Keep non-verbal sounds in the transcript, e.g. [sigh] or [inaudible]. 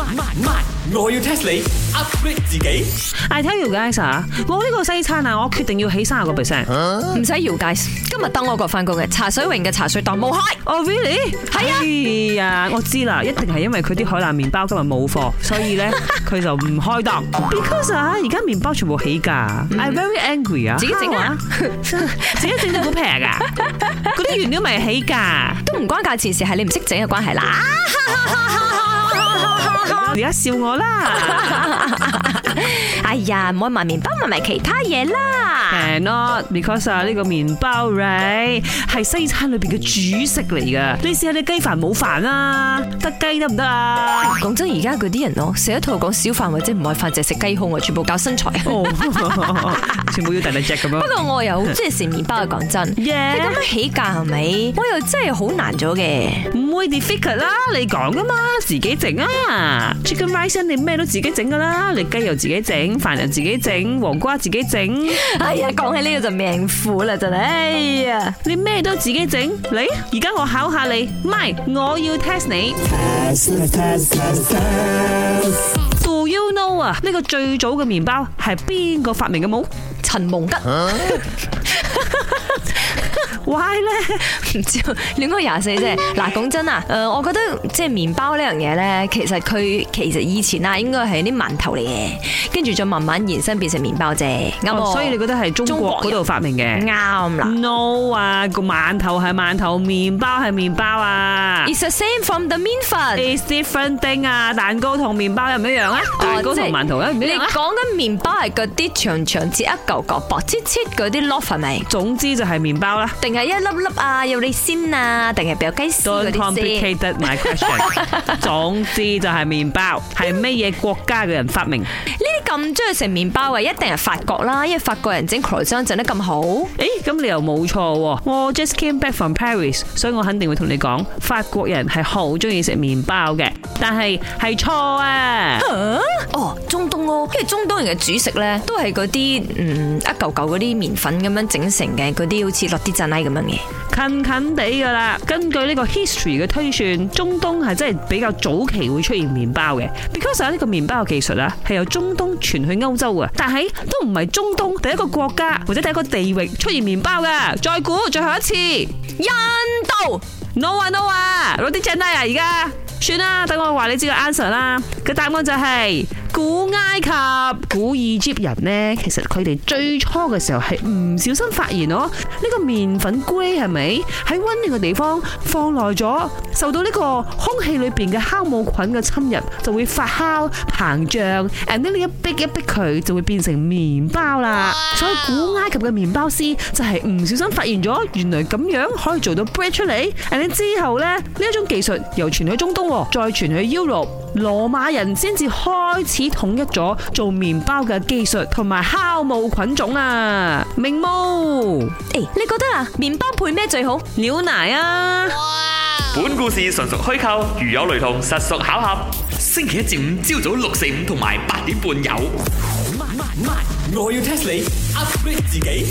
My, my, my. 我要 test 你 upgrade 自己。I tell you guys，Alex 啊！我呢個西餐啊，我決定要起三十個 percent，唔使搖介。今日得我個返工嘅茶水榮嘅茶水檔冇開。Oh really？係啊。哎我知啦，一定係因為佢啲海南麵包今日冇貨，所以咧佢就唔開檔。Because 啊，而家麵包全部起價。Mm. I very angry 啊！自己整啊，自己整都好平噶，嗰啲原料咪起價，都唔關價錢事，係你唔識整嘅關係啦。 [laughs] 而家笑我啦！ [laughs] 哎呀，唔好買麵包，買埋其他嘢啦。not Because 啊呢個麵包咧，係西餐裏邊嘅主食嚟噶。你試下你雞飯冇飯啦，得雞得唔得啊？講真，而家嗰啲人咯，食一套講少飯或者唔愛飯，就食雞胸啊，全部搞身材， [laughs] [laughs] 全部要大大隻咁樣。不過我又好中意食麵包啊，講真。耶，咁樣起價係咪？我又真係好難做嘅，唔會 deficit 啦，你講噶嘛，自己整啊。Chicken rice 咧，你咩都自己整噶啦，你雞又自己整，飯又自己整，黃瓜自己整。講起呢個就命苦啦，真係，哎呀，你咩都自己整，嚟，而家我考下你，咪，我要 test 你，你。Do you know 啊？呢個最早嘅麵包係邊個發明嘅冇？陳夢吉，啊。 [laughs] why 咧唔 Why? 知啊？你應該廿四啫。嗱，講真啊，我覺得即係麵包呢樣嘢呢，其實佢其實以前啊應該係啲饅頭嚟嘅，跟住再慢慢延伸變成麵包啫。啱喎、哦。所以你覺得係中國嗰度發明嘅？啱啦。No 啊，個饅頭係饅頭，麵包係麵包啊。It's the same from the 麵粉。Is front。different thing 啊，蛋糕同麵包係唔一樣啊？就是、蛋糕同饅頭一樣啊？你講緊麵包係嗰啲長長切一嚿嚿、薄切切嗰啲 loaf 係咪？總之就係麵包啦、啊。一粒粒啊，有你先啊，定係白雞絲嗰啲 Don't complicated my question。 [laughs] 總之就係麵包係咩嘢國家嘅人發明？呢啲咁中意食麵包啊，一定係法國啦，因為法國人整饅裝整得咁好。誒、欸，咁你又冇錯喎。我 just came back from Paris，所以我肯定會同你講，法國人係好中意食麵包嘅。但係係錯啊！哦，中東咯、哦，因為中東人嘅主食咧都係嗰啲嗯一嚿嚿嗰啲麵粉咁樣整成嘅，嗰啲好似落啲醬喺。近近地噶啦。根據呢個 history 嘅推算，中東係真係比較早期會出現麵包嘅，because 有呢個麵包嘅技術啊,係由中東傳去歐洲啊。但係都唔係中東第一個國家或者第一個地域出現麵包嘅。再估最後一次,印度，no 啊 no 啊,攞啲真啊而家。算啦，等我話你知個 answer 啦。個答案就係古埃及古埃及人呢，其實佢哋最初嘅時候係唔小心發現咯。呢個麵粉 grain 係咪喺温暖嘅地方放耐咗，受到呢個空氣裏邊嘅酵母菌嘅侵入，就會發酵膨脹。and then 呢，你一逼一逼佢，就會變成麵包啦。所以古埃及嘅麵包師就係唔小心發現咗，原來咁樣可以做到 bread 出嚟。and 之後呢，呢一種技術又傳去中東。再傳去 U 六，羅馬人先至開始統一咗做麵包嘅技術同埋酵母菌種啊！明冇？誒、欸，你覺得啊，麵包配咩最好？牛奶啊！哇本故事純屬虛構，如有雷同，實屬巧合。星期一至五朝早六四五同埋八點半有。我要 test 你，upgrade 自己。